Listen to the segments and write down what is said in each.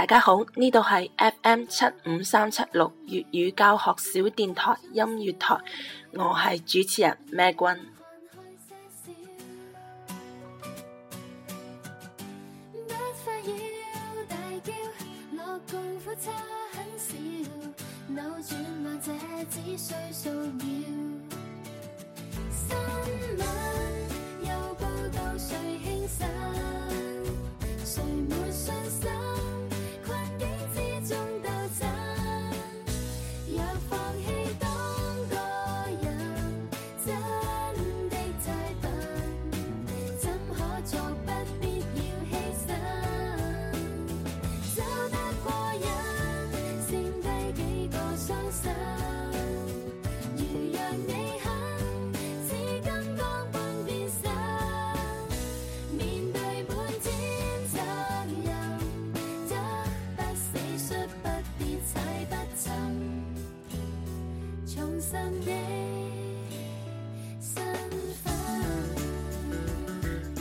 大家好，呢度係 FM 七五三七六粵語教學小電台音樂台，我係主持人咩君。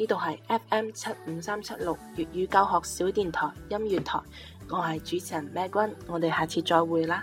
呢度係 FM 七五三七六粵語教學小電台音樂台，我係主持人 Mac 君，我哋下次再會啦。